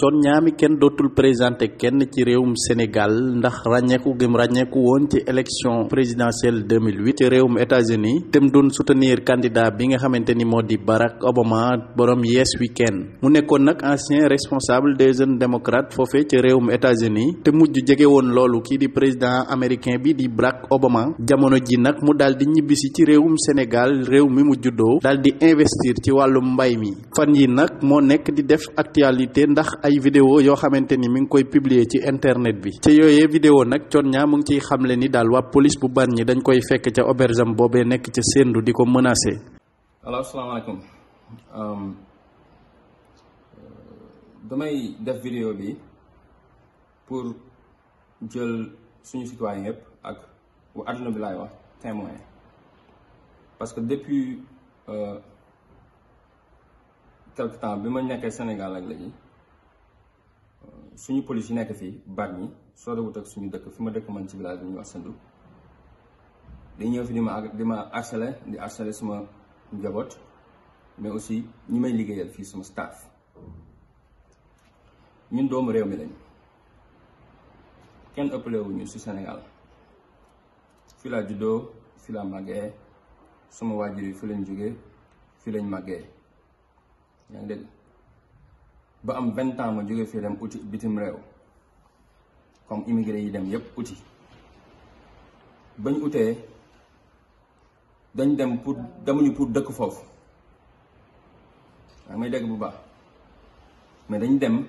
kon ñaami kenn dootul présenté kenn ci réewum Sénégal ndax ràññeeku gëm ràññeeku woon ci élection présidentielle 2008 réewum États-Unis te mu doon soutenir candidat bi nga xamante ni moo di Barack Obama borom Yes We Can mu nekkoon nag ancien responsable des jeunes démocrates foofee ci réewum États-Unis te mujj jege woon loolu kii di président américain bi di Barack Obama jamono ji nag mu daal di ñibbisi ci réewum Sénégal réew mi mu juddoo daal di investir ci wàllum mbay mi fan yi nag moo nekk di def actualité ndax ay vidéo yoo xamante ni mi ngi koy publier ci internet bi ci yooyee vidéo nag Thione Niang mu ngi ciy xamle ni daal waa police bu Bargny dañ koy fekk ca auberge am boobee nekk ca Sendou di ko menacer. alors salaamaaleykum um, damay def vidéo bi pour jël suñu citoyen que depuis euh, quelque temps bi ma nekkee Sénégal ak léegi suñu police yi nekk fii baat ñi sorewut ak suñu dëkk fi ma dëkk man ci village bi ñu wax dañ ñëw fi di ma di ma harceler di harceler suma njaboot mais aussi ñi may liggéeyal fii suma staff ñun doomu réew mi lañ kenn ëppale wuñu si senegal fi laa juddoo fi laa màggee suma waajur yi fi lañ jógee fi lañ màggee yaa ngi dégg ba am vingt ans ma jógee fii dem uti bitim réew comme immigré yi dem yépp uti bañ utee dañ dem pour demuñu pour dëkk foofu daa may dégg bu baax mais dañ dem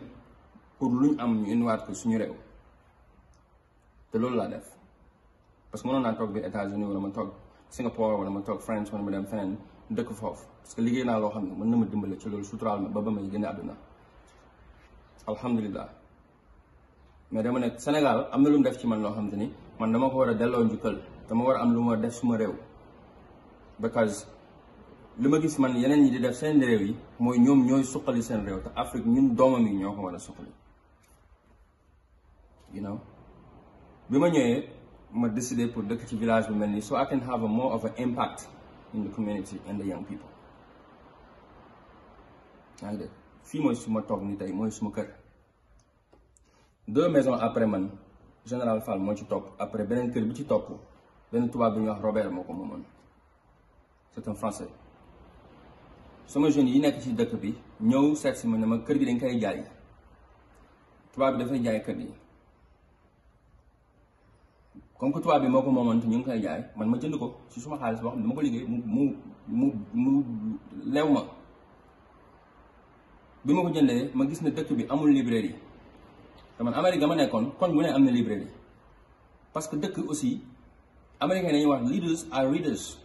pour lu luñ am ñu indiwaat ko suñu réew te loolu laa def parce que mënoon naa toog biir États-Unis wala ma toog Singapore wala ma toog France wala ma dem feneen dëkk foofu parce que liggéey naa loo xam ne mën na ma dimbale ci loolu suturaal ma ba ba may génn àdduna alhamdulilah mais dama ne Sénégal am na lu mu def ci man loo xam ni man dama ko war a delloo njukkal dama war a am lu ma def suma réew because li ma gis man yeneen ñi di def seen réew yi mooy ñoom ñooy suqali seen réew te Afrique ñun doomam yi ñoo ko war a suqali you know bi ma ñëwee ma décidé pour dëkk ci village bu mel nii so I can have a more of an impact in the community and young people fii mooy suma toog ni tey mooy suma kër deux maisons après man général Fall moo ci topp après beneen kër bi ci topp benn tubaab bi ñuy wax Robert moo ko moomoon c'est un français suma jeune yi nekk ci dëkk bi ñëw seet si ma ne ma kër gi dañ koy jaay tubaab bi dafay jaay kër gi comme que tubaab bi moo ko moomoon te ñu ngi koy jaay man ma jënd ko ci suma xaalis boo xam ne dama ko liggéey mu mu mu lew ma. bi ma ko jëndee ma gis ne dëkk bi amul librairie te man Amérique ma nekkoon kon bu ne am na librairie parce que dëkk aussi américain dañuy wax leaders are readers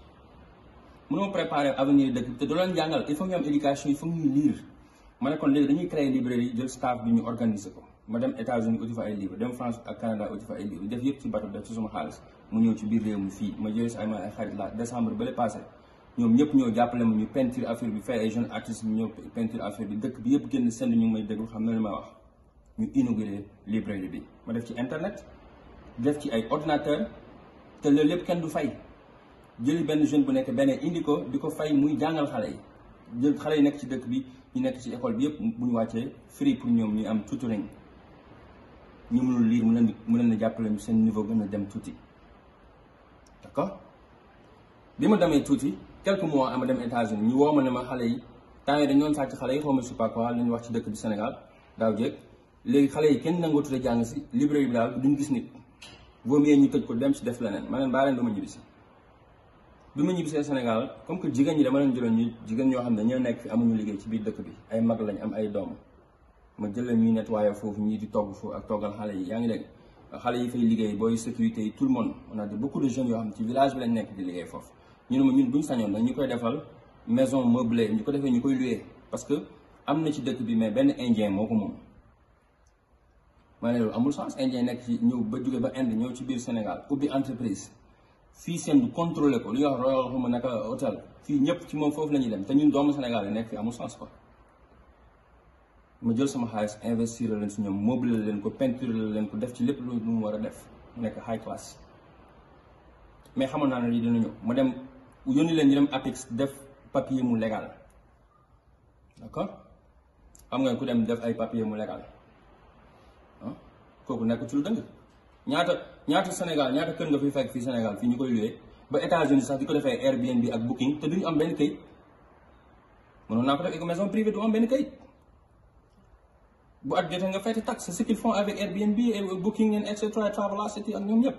mënoo préparer avenir dëkk te doo leen jàngal il faut ñu am éducation il faut ñuy lire ma ne kon léegi dañuy créer librairie jël staff bi ko ma dem États-Unis uti fa ay livre dem France ak Canada uti fa ay livre def yëpp ci bateau def ci sama xaalis mu ñëw ci biir réew mi fii ma jëlee si ay xarit la décembre bële passé. ñoom ñëpp ñoo jàppale ma ñu peinture affaire bi fay ay jeunes artistes ñu ñëw peinture affaire bi dëkk bi yëpp génn seen ñu ngi may déglu xam na bi ma def ci internet def ci ay ordinateur te loolu lépp kenn du fay jëli benn jeune bu nekk benn indi ko di ko fay muy jàngal xale yi jël xale yi nekk ci dëkk bi ñu nekk ci école bi yëpp bu ñu wàccee free pour ñoom ñu am tutoring ñu mënul lire mu leen mu leen jàppale ñu seen niveau gën a dem tuuti d'accord bi ma demee tuuti. quelques mois dem États-Unis ma ne ma xale yi temps dañu yi xaw ma je sais pas quoi si librairie bi daal duñ gis nit vaut mieux ñu tëj ko dem si def leneen ma leen baa leen dama ñibbi si bi ma ñibbisee Sénégal comme que jigéen ñi dama leen jëloon ñu jigéen ñoo xam ne ñoo nekk amuñu liggéey ci biir dëkk bi ay mag lañ am ay doom ma jël ñuy nettoyer foofu ñii di togg foofu ak toggal xale yi yaa ngi dégg xale yi fay liggéey booy sécurité yi tout le monde on a de beaucoup de jeunes yoo xam ne ci village bi lañ nekk di liggéey foofu ñu ne ma ñun buñ sañoon nag ñu koy defal maison meublée ñu ko defee ñu koy loué parce que am na ci dëkk bi mais benn indien moo ko moom ma ne amul sens indien nekk ci ñëw ba jóge ba Inde ñëw ci biir Sénégal ubbi entreprise fii seen du ko li nga wax royal xuma naka fii ñëpp ci moom foofu la ñuy dem te ñun doomu Sénégal yi nekk fi amul sens quoi ma jël sama xaalis investir leen su ñoom meublé leen ko peinture leen ko def ci lépp lu mu war a def nekk high class mais xamoon naa ne lii dina ñëw yónni leen ñu dem APIX def papier mu légal d'accord am nga ku dem def ay papier mu légal ah, kooku nekk ci lu dëng ñaata ñaata Sénégal ñaata kër nga fi fekk fii Sénégal fii ñu koy loué ba États-Unis sax di ko defee Airbnb ak Booking te duñu am benn kayit mënoon naa ko def ak maison privée du am benn kayit bu at jotee nga fay taxe ce qu'ils font avec Airbnb et Booking et cetera Travelocity ak ñoom ñëpp.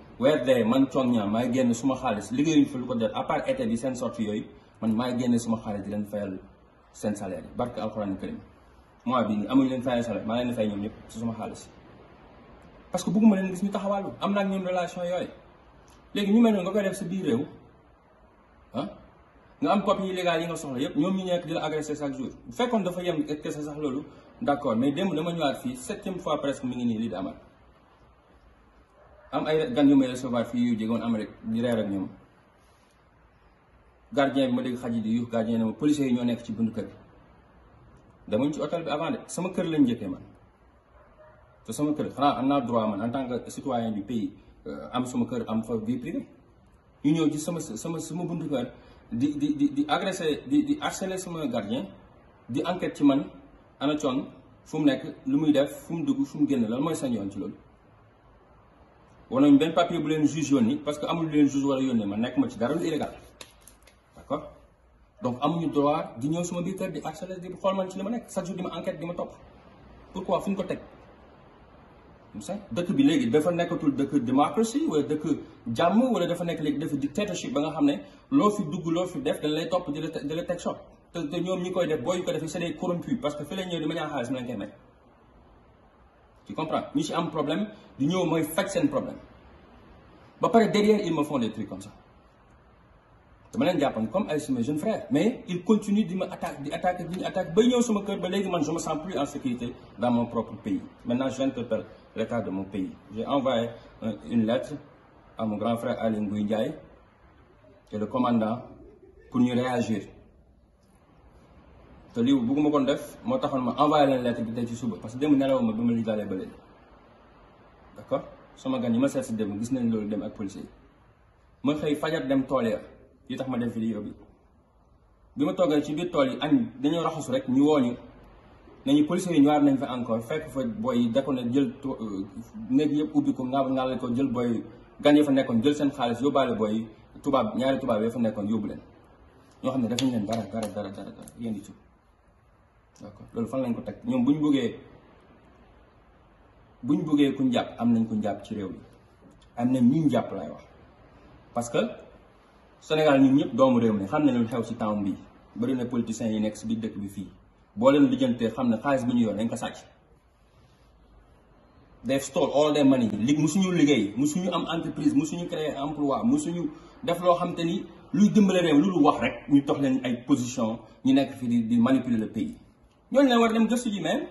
weer dee man Thione Niang maay génn suma xaalis liggéeyuñ fi lu ko def à part été bi seen sortie yooyu man maay génn suma xaalis di leen fayal seen salaire yi barke alxuraan karim mois bi nii leen fayal salaire maa leen di fay ñoom ñëpp si suma xaalis parce que bëgguma ñu taxawaalu am naa ak ñoom relation yooyu léegi ñu mel noonu nga koy def si biir réew ah nga am copie illégale yi nga soxla yëpp ñoom ñu nekk di la chaque jour fekkoon dafa yem kese sax loolu d' accord mais démb dama ñëwaat fii septième fois presque mi ngi nii lii di amal am ay gan yu may recevoir fii yu jóge woon Amérique di reer ak ñoom gardien bi ma dégg xaj di yuux gardien ne ma policiers yi ñoo nekk ci buntu kër bi damañ ci hôtel bi avant de sama kër lañ njëkkee man te sama kër am naa droit man en tant que citoyen du pays euh, am suma kër am fa vie privée ñu ñëw ci sama sama sama buntu kër di di di di di di harcelé sama gardien di enquête ci man ana coon fu mu nekk lu muy def fu mu dugg fu mu génn lan mooy sañ yoon ci loolu. wala ñu benn papier bu leen juge yónni parce que amul lu leen juge wala yónnee man nekk ma ci dara lu illégal d'accord donc amuñu droit di ñëw suma biir kër di harceler di xool man ci li ma nekk chaque jour di ma enquête di ma topp pourquoi fu ñu ko teg comme ça dëkk bi léegi dafa nekkatul dëkk démocratie wala dëkk jàmm wala dafa nekk léegi dafa dictatorship ba nga xam ne loo fi dugg loo fi def dañ topp di la te te ñoom ñi koy def boo ñu ko defee tu comprends ñu ci am problème di ñëw mooy faj seen problème ba pare derrière ils me font des trucs comme ça dama leen jàppoon comme ay suma jeune frère mais il continue di ma attaque di attaque di ñu attaque bay ñëw sama kër ba léegi man je me sens plus en sécurité dans mon propre pays maintenant j'interpelle l'État de mon pays j'ai envoyé une lettre à mon grand frère Aly Ngouille Ndiaye et le commandant pour ñu réagir te lii bëgguma kon def moo taxoon ma envoyé leen lettre bi tey ci suba parce que démb nelaw ma ba ma li dalee ba léegi d' sama gan yi ma seet si dem gis nañ loolu dem ak policier yi ma xëy fajar dem tool ya yi tax ma def vidéo bi bi ma toogee ci biir tool yi añ dañoo raxasu rek ñu wooñu nañu policier yi ñëwaat nañ fa encore fekk fa booy yi da ko ne jël euh, néeg yëpp ubbi ko nga ngàll ko jël booy gan yi fa nekkoon jël seen xaalis yóbbaale booy yi tubaab ñaari tubaab yi fa nekkoon yóbbu leen ñoo xam ne dafañ leen dara dara dara dara yéen di d'accord loolu fan lañ ko teg ñoom bu ñu bëggee bu ñu bëggee kuñ jàpp am nañ kuñ jàpp ci réew mi am na ñuñ jàpp lay wax parce que Sénégal ñun ñëpp doomu réew mi xam nañ lu xew si temps bii bëri na politiciens yi nekk si biir dëkk bi fii boo leen lijjantee xam ne xaalis bi ñu yor dañ ko sàcc. they've stole all their money li musuñu liggéey musuñu am entreprise musuñu créer emploi musuñu def loo xam te ni luy dimbale réew lu lu wax rek ñu jox leen ay position ñu nekk fi di di manipuler le pays ñooñu la war dem gëstu ji même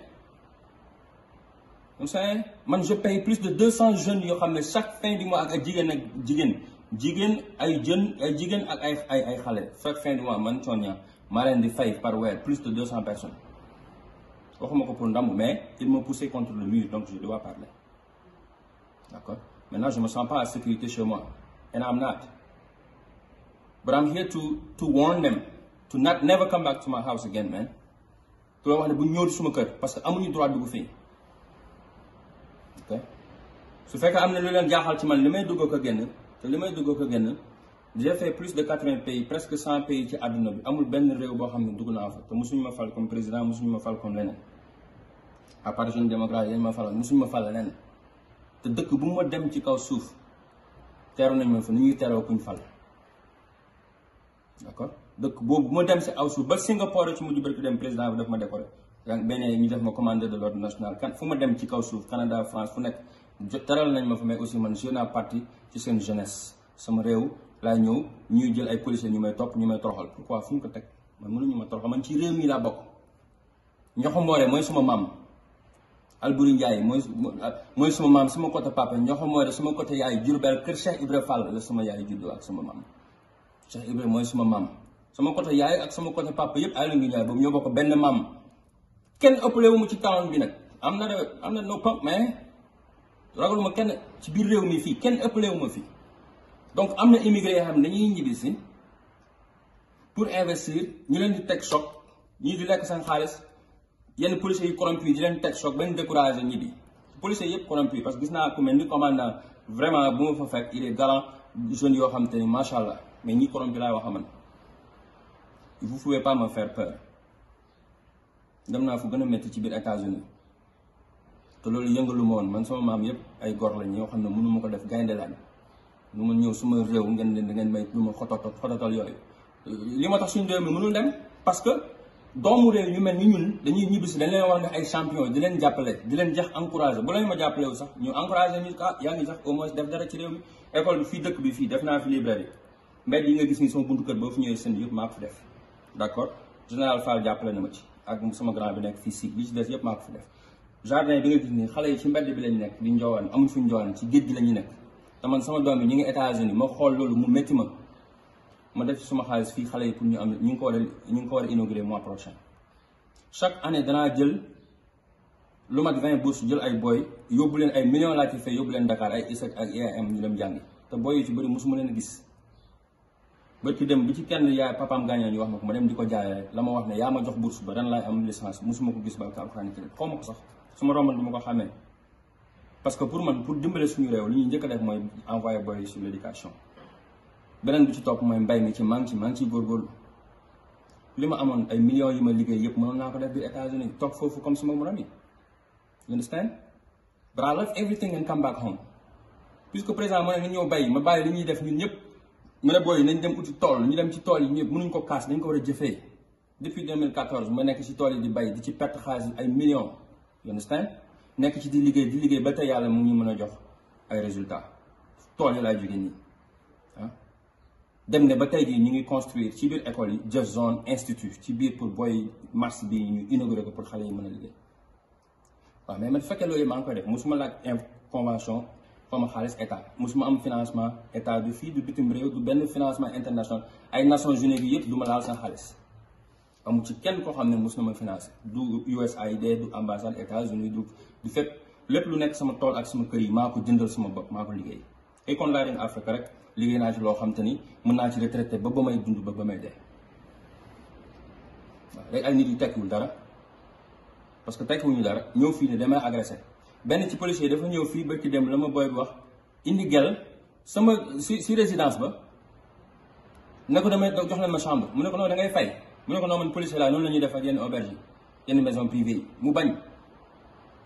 man je paye plus de deux cent jeunes yoo xam ne chaque fin du mois ak ay jigéen ak jigéen jigéen ay jeunes ay jigéen ak ay ay ay xale chaque fin du mois man Sonia maa leen di fay par weer plus de deux cent personnes waxuma ko pour ndamu mais il m'a poussé contre le mur donc je dois parler d'accord maintenant je me sens pas en sécurité chez moi and I'm not but I'm here to to warn them to never come back to my house again du la wax ne bu ñëwati suma kër parce que amuñu droit dugg fii ok su fekkee am na lu leen jaaxal ci man li may dugg ko génn te li may dugg ko génn j'ai fait plus de quatre-vingts pays presque cent pays ci àdduna bi amul benn réew boo xam ne dugg naa fa te mosuñu ma fal comme président mosuñu ma fal comme leneen à part jeune démocrate ma falal mosuñu ma fal leneen te dëkk bu mu ma dem ci kaw suuf teeru nañ ma fa ni ñuy teeroo kuñ fal d'accord dëkk boobu ma dem si aw suuf ba Singapour ci mujj barki dem président daf ma décoré benn ñu def ma commandeur de l'ordre national kan fu ma dem ci kaw suuf Canada France fu nekk teral nañ ma fa mais aussi man jeune à parti ci seen jeunesse sama réew laa ñëw ñuy jël ay policiers ñu may topp ñu may toroxal pourquoi fu ko teg man mënuñu ma toroxal man ci réew mi laa bokk Ñoxo Mboore mooy suma maam Alburi Njaay mooy mooy suma maam suma côté papa Ñoxo Mboore suma côté yaay Jurbel kër Cheikh Ibra Fall la suma yaay juddu ak suma maam Cheikh Ibra mooy suma maam sama côté yaay ak sama côté papa yëpp Aly Ngouille Ndiaye boobu ñoo bokk benn maam kenn ëppale wu ci talent bi nag am na am na no pam mais ragaluma kenn ci biir réew mi fii kenn ëppale wu ma fii donc am na immigré yoo xam ne dañuy ñibbi si pour investir ñu leen di teg choc ñu di lekk seen xaalis yenn policiers yu corrompu yi di leen teg choc benn découragé ñibbi policiers yëpp corrompu parce que gis naa ku mel ni commandant vraiment bu ma fa fekk il est yoo xam te ni macha allah mais ñi corrompu laay wax man. vous pouvez pas me faire peur dem naa fu gën a métti ci biir États-Unis te loolu yëngalu ma woon man sama maam yëpp ay gor lañ yoo xam ne mënu ma ko def gaynde lañ mu ma ñëw suma réew ngeen ne ngeen may lu ma xototal xototal yooyu li ma tax suñu réew mi mënul dem parce que doomu réew ñu mel ni ñun dañuy ñibbisi dañ leen wax ne ay champion di leen jàppale di leen jax encouragé bu leen ma jàppale wu sax ñu encouragé ñu ah yaa ngi sax au moins def dara ci réew mi école bi fii dëkk bi fii def naa fi librairie mbedd yi nga gis ni sama buntu kër ñëwee seen yëpp maa ko def d' accord général Fall jàpp na ma ci ak suma grand bi nekk fii si bi ci des yëpp maa ko fi def jardin bi nga gis ni xale yi ci mbedd bi lañ nekk di njoowaan amuñ fuñ njoowaan ci géej gi la ñu nekk te man sama doom bi ñu ngi États-Unis ma xool loolu mu métti ma ma def ci suma xaalis fii xale yi pour ñu am ñu ngi ko war a ñu ngi ko war a inauguré mois prochain chaque année danaa jël lu mat vingt bourses jël ay booy yóbbu leen ay millions laa ci fay yóbbu leen Dakar ay e te booy yi ci bëri mosuma leen gis bërki dem bi ci kenn yaay papaam gaañoo ñu wax ma ko ma dem di ko jaayee la ma wax ne yaa ma jox bourse ba dan laay am licence musuma ko gis ba ka alxuraan karim xaw ma ko sax su ma romboon du ma ko xamee parce que pour man pour dimbale suñu réew li ñuy njëkk a def mooy envoyé boy sur l' éducation beneen bi ci topp mooy mbay mi ci maa ngi ci maa ngi ciy góorgóorlu li ma amoon ay millions yi ma liggéey yëpp mënoon naa ko def biir États-Unis toog foofu comme sama morom yi you understand but I love everything and come back home puisque président mu ne na ñëw bay ma bàyyi li ñuy def ñun ñëpp mu ne booy nañ dem uti tool ñu dem ci tool yi ñëpp mënuñ ko kaas dañ ko war a jëfee depuis 2014 ma nekk ci tool yi di bay di ci perte xaalis ay millions you understand nekk ci di liggéey di liggéey ba tey yàlla mu ngi mën a jox ay résultats tool yi laa jógee nii ah. dem ne ba tey gii ñu ngi construire ci biir école yi Just Zone Institute ci biir pour booy mars bi ñu inauguré ko pour xale yi mën a liggéey waaw mais man fekkee loolu maa ngi koy def musuma laaj convention. xawma xaalis état musuma am financement état du fii du bitim réew du benn financement international ay nations unies bi yëpp du ma laal seen xaalis amul ci kenn koo xam ne mus na ma financé du USAID du ambassade États-Unis du fekk lépp lu nekk sama tool ak sama kër yi maa ko jëndal sama bopp maa ko liggéey ay kon laa deen Afrique rek liggéey naa ci loo xam te ni mën naa ci retraité ba ba may dund ba ba may dee waaw léegi ay nit yu tekkiwul dara parce que tekkiwuñu dara ñëw fii ne damay benn ci policier dafa ñëw fii ba ci dem la ma booy bi wax indi gel sama si si résidence ba ne ko damay jox leen ma chambre mu ne ko non da ngay fay mu ne ko non man policier laa noonu la ñuy def yenn auberge yenn maison privée yi mu bañ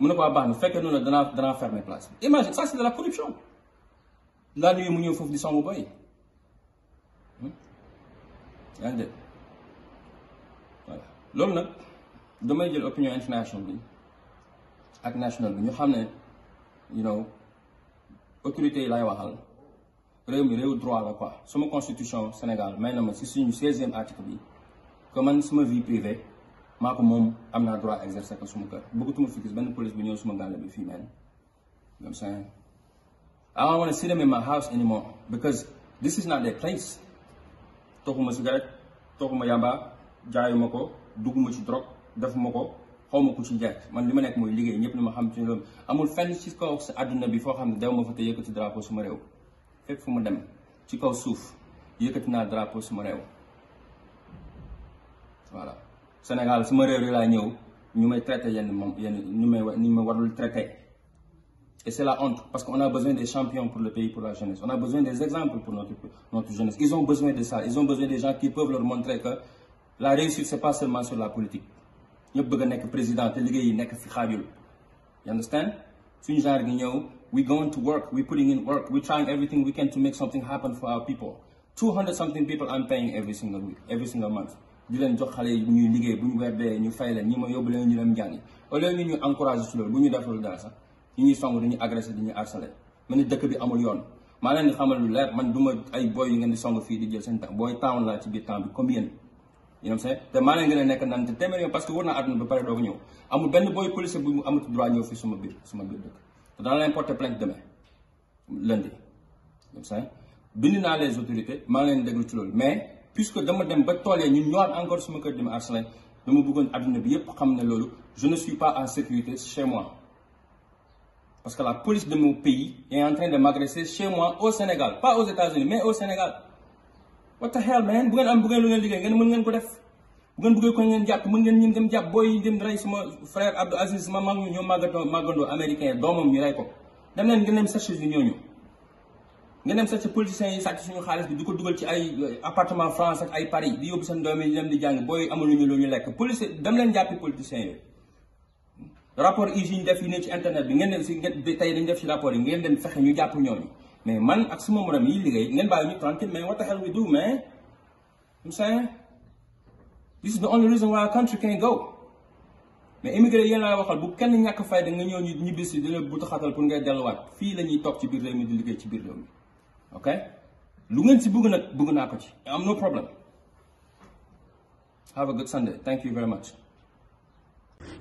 mu ne ko waa baax na fekkee noonu la danaa danaa fermer place imagine ça c'est de la corruption laa nuyu mu ñëw foofu di songu mu hmm? yaa ngi loolu nag damay jël opinion international bi ak national bi ñu xam ne you know autorité yi lay waxal réew mi réew droit la ko suma constitution Sénégal may na ma si suñu seizième article bi que man suma vie privée maa ko moom am naa droit exercer ko suma kër bëggatuma fi gis benn police bu ñëw suma gàll bi fii man I'm saying I don't ne to see them in my house anymore because this is not their place toxuma cigarette toxuma yamba jaayuma ko dugguma ci drogue defuma ko xaw ma ku ci njëkk man li ma nekk mooy liggéey ñëpp li ma xam ci loolu amul fenn ci kaw si àdduna bi foo xam ne dew ma fa te yëkkati drapeau suma réew fépp fu mu dem ci kaw suuf yëkkati naa drapeau suma réew voilà Sénégal suma réew laa ñëw ñu may traité yenn moom ñu may ñu may traité Et c'est la honte, parce qu'on a besoin des champions pour le pays, pour la jeunesse. On a besoin des exemples pour notre, jeunesse. Ils ont besoin des gens qui peuvent leur montrer ñëpp bëgg a nekk président te liggéey yi nekk si xaajul you understand suñu genre gi ñëw we going to work we putting in work we trying everything we can to make something happen for our people two hundred something people I'm paying every single week every single month di leen jox xale yi ñuy liggéey bu ñu weer ñu fay leen ñi ma yóbbu leen ñu dem jàngi au lieu ñu ñu encouragé si loolu bu ñu def loolu dara sax ñu ñuy song dañuy agressé dañuy harcelé dëkk bi amul yoon maa leen di xamal lu leer man du ma ay boy yu ngeen di song di jël seen temps booy taawon laa ci biir temps bi comme yéen you know te maa leen gën a nekk naan te téeméer yoon parce que wër naa àdduna ba pare doog ñëw amul benn booy policier bu mu amatu droit ñëw fii suma biir suma biir dëkk te dana leen porter plainte demain lundi you bind naa les autorité maa leen déglu ci loolu mais puisque dama dem ba tool yi ñun ñëwaat encore suma kër dima arsalay dama bëggoon àdduna bi yëpp xam ne loolu je ne suis pas en sécurité chez moi parce que la police de mon pays est en train de m'agresser au Sénégal pas aux mais au Sénégal what the hell man bu ngeen am bu ngeen lu ngeen liggéey ngeen mën ngeen ko def bu ngeen bëggee ko ngeen jàpp mën ngeen ñun dem jàpp booy yi dem rey sama ma mag ñu ñoo màggatoo màggandoo américain doomam ñu rey ko dem leen ngeen dem chercher bi ñooñu ngeen dem chercher politiciens yi sàcc suñu xaalis bi di ko dugal ci ay euh, appartement France ay Paris di yóbbu seen di jàng booy amaluñu lu ñu lekk police dem leen jàppi politiciens yi rapport yi ñu def yi ne ci internet bi ngeen dem si tey dañu def ci rapport yi ngeen dem fexe ñu jàpp ñooñu mais man ak suma morom yi liggéey ngeen bàyyi ñu tranquille mais what the hell we do man I'm saying this is the only reason why our country can't go mais immigré yéen laa waxal bu kenn ñàkk fayda nga ñëw ñu ñibbi si di la bu taxatal pour ngay delluwaat fii la ñuy toog ci biir réew mi di liggéey ci biir réew mi ok lu ngeen si bëgg nag bëgg naa ko ci am no problem have a good Sunday thank you very much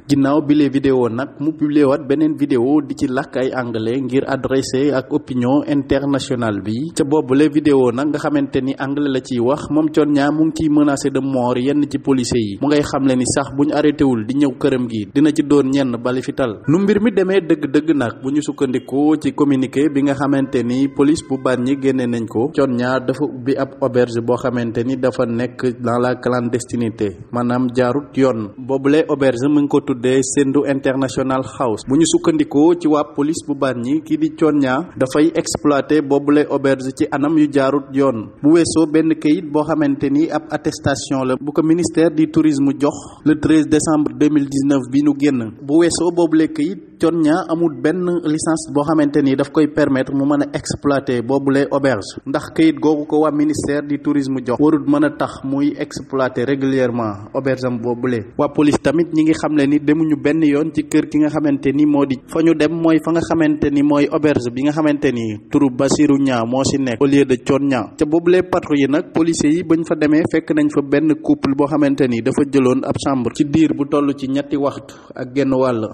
ginnaaw bi les vidéo nag mu publié waat beneen vidéo di ci làkk ay anglais ngir adressé ak opinion internationale bi ca boobu les vidéo nag nga xamante ni anglais la ciy wax moom coon ñaa mu ngi ciy menacé de mort yenn ci policiers yi mu ngay xamle ni sax bu ñu arrêté wul di ñëw këram gi dina ci doon ñenn bali fital nu mbir mi demee dëgg-dëgg nag bu ñu sukkandikoo ci communiqué bi nga xamante ni police bu Bargny génne nañ ko coon ñaa dafa ubbi ab auberge boo xamante ni dafa nekk dans la clandestinité maanaam jaarut yoon boobu les auberge ko tuddee Sendou International House bu ñu sukkandikoo ci waa police bu Bargny kii di Thionia dafay exploité boobule auberge ci anam yu jaarut yoon bu weesoo benn kayit boo xamante ni ab attestation la bu ko ministère du tourisme jox le 13 décembre 2019 bi nu génn bu weesoo boobule kayit Thione Niang amul benn licence boo xamante ni daf koy permettre mu mën a exploiter boobule auberge ndax kayit googu ko waa ministère du tourisme jox warul mën a tax muy exploiter régulièrement auberge am boobule. waa polise tamit ñi ngi xamle ni demuñu benn yoon ci kër ki nga xamante ni moo di fa ñu dem mooy fa nga xamante ni mooy auberge bi nga xamante ni turu bassiru Niang moo si nekk au lieu de Thione Niang ca boobule patrouille yi nag policiers yi bañ fa demee fekk nañ fa benn couple boo xamante ni dafa jëloon ab chambre ci diir bu toll ci ñetti waxtu ak genn wàll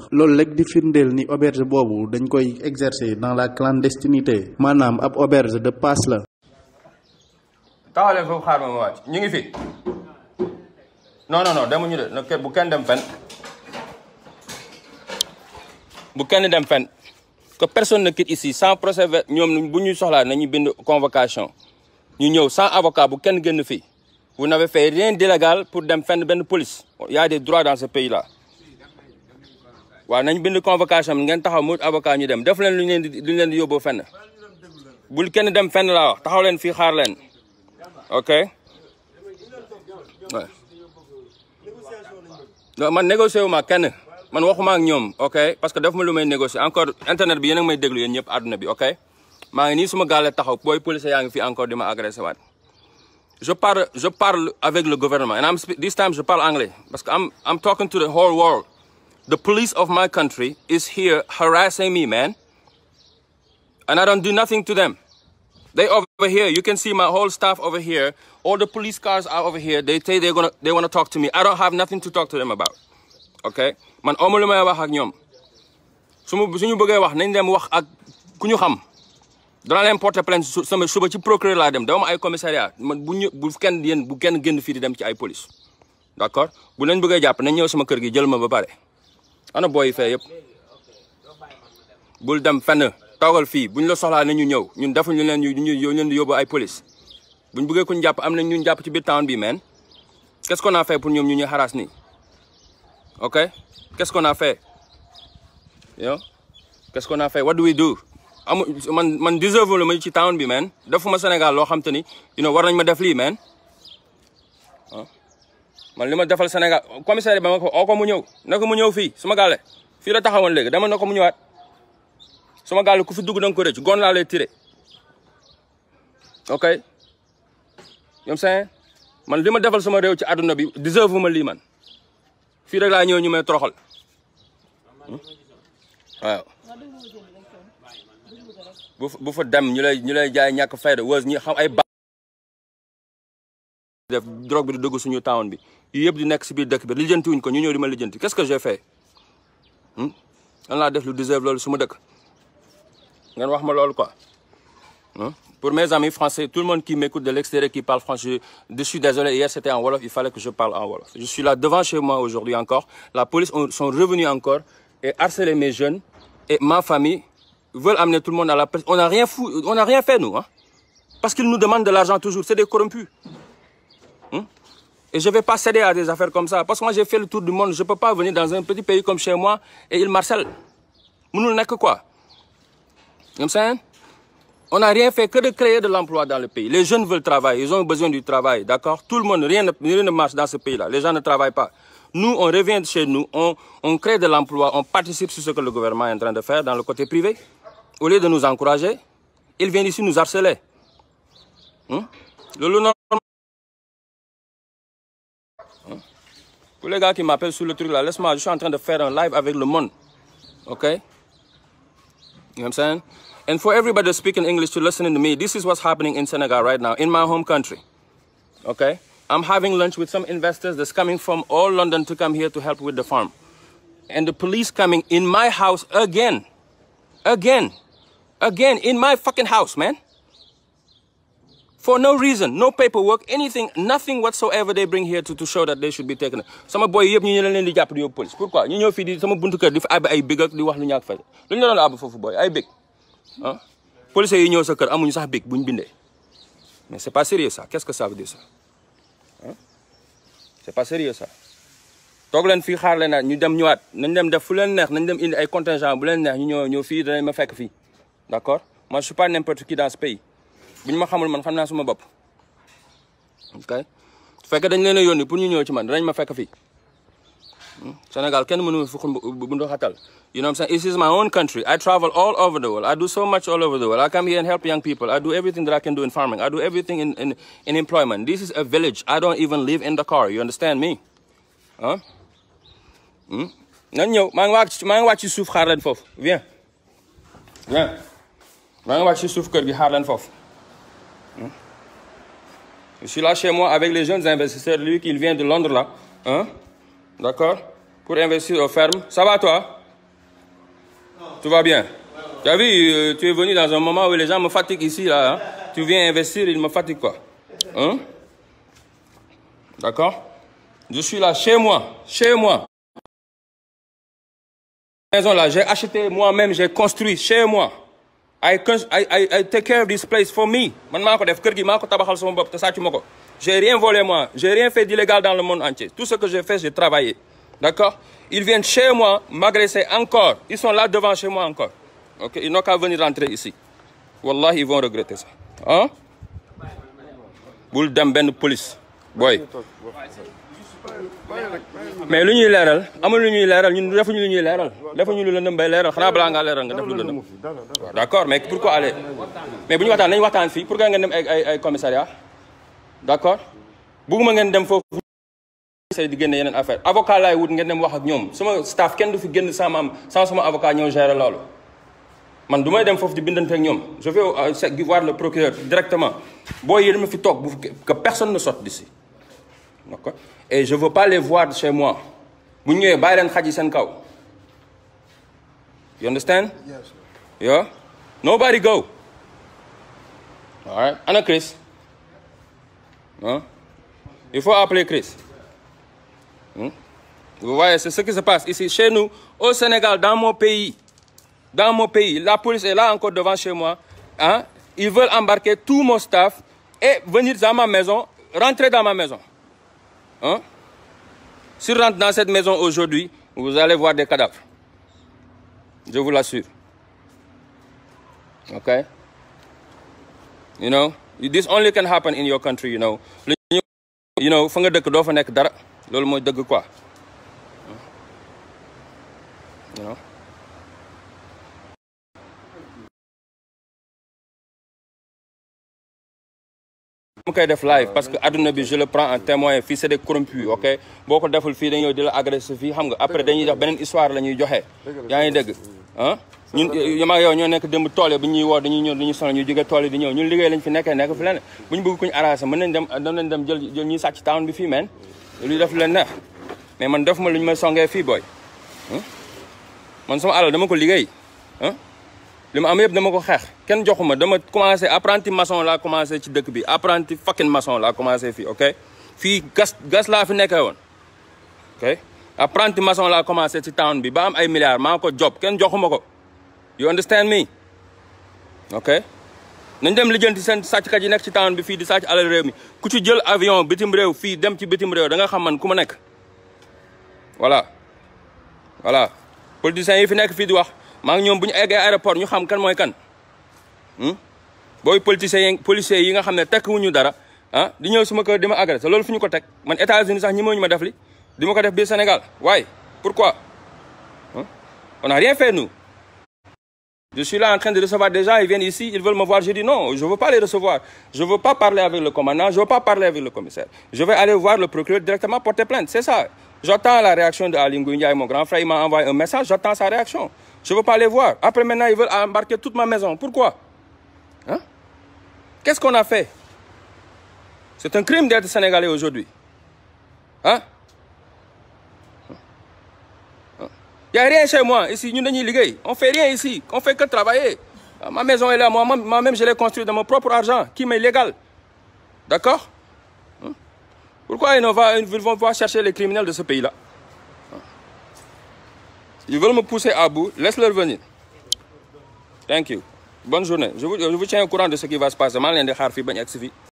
firndeel ni auberge boobu dañ koy exercer dans la clandestinité maanaam ab auberge de passe la. taxawalee foofu xaar ma ma wàcc ñu ngi fi non non non demuñu de na bu kenn dem fenn bu kenn dem fenn que personne ne quitte ici sans procès ñoom bu ñuy soxlaa nañu bind convocation ñu ñëw sans avocat bu kenn génn fi vous n'avez fait rien d'illégal pour dem fenn benn police il y a dans ce pays là. waaw nañ bind convocation bi ngeen taxaw mu avocat ñu dem def leen lu leen di lu leen di yóbboo bul kenn dem fenn laa taxaw leen fii xaar leen ok. non man négocié wu ma kenn man waxuma ak ñoom ok parce que def ma lu may négocier encore internet bi yéen may déglu yéen ñëpp àdduna bi ok. maa ngi nii suma gaale taxaw booy policier yaa ngi fi encore di ma agressé waat je parle je parle avec le gouvernement and I'm this time je parle anglais parce que I'm I'm talking to the whole world. The police of my country is here harassing me, man. And I don't do nothing to them. They over here. You can see my whole staff over here. All the police cars are over here. They say they're gonna they wanna talk to me. I don't have nothing to talk to them about. Okay? Man amul lu may wax ak ñoom. Su ma suñu bëggee wax nañ dem wax ak ku ñu xam. danaa leen porter plainte sama suba ci procureur laa dem dama ay commissariat man bu ñu bu kenn yéen bu kenn génn fii di dem ci ay police. D'accord bu leen bëggee jàpp nañ ñëw sama kër gi jël ma ba pare. ana booy fee yëpp bul dem fenn toogal fii buñ la soxlaa ne ñu ñëw ñun defuñu leen ñu leen di yóbbu ay police buñ bëggee kuñ jàpp am nañ ñun jàpp ci biir town bi man qu'est-ce qu'on a fait pour ñoom ñu ñuy xaraas ni ok qu'est-ce qu'on a fait yo qu'est-ce qu'on a fait what do we do amu man man deserve lu ci town bi man defuma Sénégal loo xam te ni you war nañ ma def lii man man li ma defal Sénégal commissaire ba ma ko oo ko mu ñëw na mu ñëw fii suma gàlle fii la taxawoon léegi dama na ko mu ñëwaat suma gàlle ku fi dugg danga ko rëcc gon laa lay tiré ok man li ma defal suma réew ci àdduna bi deserve ma lii man fii rek laa ñëw ñu may toroxal hmm? waaw bu bu dem ñu lay ñu lay jaay ñàkk fayda wës ñi xam ay ba def suñu town bi yëpp di nekk si biir dëkk bi lijjanti wuñ ko ñu ñëw di ma lijjanti qu'est-ce que j'ai fait lan hmm? laa def lu su ma dëkk ngeen wax ma loolu quoi hmm? pour mes amis français tout le monde qui m'écoute de l'extérieur qui parle français je suis désolé hier c'était en wolof il fallait que je parle en wolof je suis là devant chez moi aujourd'hui encore la police sont revenus encore et harceler mes jeunes et ma famille veulent amener tout le monde à la presse on n'a rien fait nous Et je ne vais pas céder à des affaires comme ça. Parce que moi, j'ai fait le tour du monde. Je ne peux pas venir dans un petit pays comme chez moi il marcelle. Nous n'avons que quoi Comme On n'a rien fait que de créer de l'emploi dans le pays. Les jeunes veulent travailler. Ils ont besoin du travail. D'accord Tout le monde, rien ne, marche dans ce pays-là. Les gens ne travaillent pas. Nous, on revient chez nous. On, crée de l'emploi. On participe sur ce que le gouvernement Tous les gars qui m'appellent sur le truc là, laisse-moi, je suis en train de faire un live avec le monde. OK? You know what I'm saying? And for everybody speaking English to listening to me, this is what's happening in Senegal right now, in my home country. Okay? I'm having lunch with some investors that's coming from all London to come here to help with the farm. And the police coming in my house again. Again. Again, in my fucking house, man. for no reason no paperwork anything nothing whatsoever they bring here to to show that they should be taken sama boy yëpp ñu ne leen di jàpp di yóbbu police pourquoi ñu ñëw fii di sama buntu kër di fa ay big ah? police yi ñëw sa kër amuñu sax big buñ bindee mais c'est pas sérieux sa qu'est-ce que ça veut dire ça ah c'est pas sérieux ça leen fii xaar leen ñu dem ñëwaat nañ dem def fu leen neex nañ dem indi ay contingent bu leen neex ñu ñëw fii danañ ma fekk fii d'accord moi je suis pas n'importe qui dans ce pays ñu ma xamul man xam naa suma bopp dañ leen a yónni pour ñu ñëw ci man danañ ma fekk fii hmm? senegal kenn mënu ma fi bu ndoxatal you know what I'm saying this is my own country I travel all over the world I do so much all over the world I come here and help young people I do everything that I can do in farming I do everything in employment this is a village I don't even live in the car you understand me hmm? nan ñëw maa ngi wàcc maa ngi wàcc ci suuf xaar foofu viens ngi wàcc ci suuf kër gi xaar foofu. Je suis là chez moi avec les jeunes investisseurs, lui qui vient de Londres là. Hein? D'accord Pour investir aux fermes. Ça va toi non. Tout va bien Tu as vu, euh, tu es venu dans un moment où les gens me fatiguent ici là. Hein? Tu viens investir, ils me fatiguent quoi. Hein? D'accord Je suis là chez moi, chez moi. Maison là, j'ai acheté moi-même, j'ai construit chez moi. I I I take care of this place for def kër gi maa ko tabaxal sama bopp te sàccu ma ko j'ai rien volé moi j'ai rien fait d'illégal dans le monde entier tout ce que j'ai fait j'ai travaillé d'accord ils viennent chez moi m'agresser encore ils sont là devant chez moi encore ok ils n'ont qu'à venir rentrer ici wallahi ils regretter ça ah bul dem benn police booy mais lu ñuy leeral amul lu ñuy leeral ñun defuñu lu ñuy leeral ñu lu lëndëm bay leeral xanaa balaa ngaa leeral nga def lu lëndëm d' accord mais pourquoi aller mais bu ñu waxtaan nañu waxtaan fii pourquoi ngeen dem ay ay ay commissariat d' accord bugguma ngeen dem foofu say di génne yeneen affaire avocat laay wut ngeen dem wax ak ñoom sama staff kenn du fi génn sans ma am sans sama avocat ñëw gérer loolu man du may dem foofu di bindante ak ñoom je vais euh, voir le directement boo yéen ma fi toog bu personne ne sorte d'ici d'accord et je veux pas les voir chez moi bu ñu ñëwee bàyyi leen xaj seen kaw you understand yes yeah nobody go all right ana Chris hein il faut appeler Chris hmm? c'est ce qui se passe ici chez nous au Sénégal dans mon pays dans mon pays la police est là encore devant chez moi il ils veulent embarquer tout mon staff et venir dans ma maison rentrer dans ma maison Hein? Si rentre dans cette maison aujourd'hui, vous allez voir des cadavres. Je vous l'assure. Okay? You know, this only can happen in your country, you know. You know, fa nga dëkk doo fa nekk dara. Loolu mooy dëgg quoi. mu koy def live parce que ah, adduna bi je le prends en témoin fii c'est des corrompus ok boo ko deful fii dañoo di la agressé fii xam nga après dañuy def beneen histoire la joxe. yaa ngi dégg ah? ñun ñoo nekk démb tool bu ñuy ñu jóge tool yi ñëw ñun liggéey lañ fi nekkee nekk fi bu ñu bëgg kuñu arrangé mën nañ dem dem nañ dem jël jël ñuy sàcc town bi fii men luy def leen neex mais man def ma lu ñu may songee fii booy hmm? man sama alal dama ko liggéey ah li ma am yëpp dama ko xeex kenn joxu ma dama commencé apprenti maçon laa commencé ci dëkk bi apprenti fucking maçon laa commencé fii ok fii gas gas laa fi nekkee woon apprenti maçon laa commencé ci town bi ba am ay milliards maa ko job kenn joxu ma ko you understand me ok nañ dem lijjanti seen sàcckat yi nekk ci town bi fii di sàcc alal réew mi ku ci jël avion bitim réew fii dem ci bitim réew danga xam man ku ma nekk voilà voilà politiciens yi fi nekk fii di wax maa ngi ñoom bu ñu eggee aéroport ñu xam kan mooy kan hmm? booy politiciens yi policiers yi nga xam ne tekkiwuñu dara ah di ñëw suma kër di ma agressé loolu fu ñu ko teg man États-Unis sax ñi ñu ma def li di ma ko def biir Sénégal waaye pourquoi hmm? on n'a rien fait nous je suis là en train de recevoir des gens ils ici ils veulent me voir je dis non je veux pas les recevoir je veux pas parler avec le commandant je pas parler avec le commissaire je vais aller voir le procureur message j'attends sa Je ne veux pas les voir. Après, maintenant, ils veulent embarquer toute ma maison. Pourquoi hein? Qu'est-ce qu'on a fait C'est un crime d'être Sénégalais aujourd'hui. Hein Il n'y a rien chez moi. Ici, nous sommes On ne fait rien ici. On ne fait que ah, Ma maison est là. Moi-même, moi je l'ai construite mon propre argent, qui m'est légal. D'accord Pourquoi ils vont chercher les criminels de ce pays-là Ils veulent me pousser à bout, laisse-leur venir. Thank you. Bonne journée. Je vous, je vous tiens au courant de ce qui va se passer. Je vais vous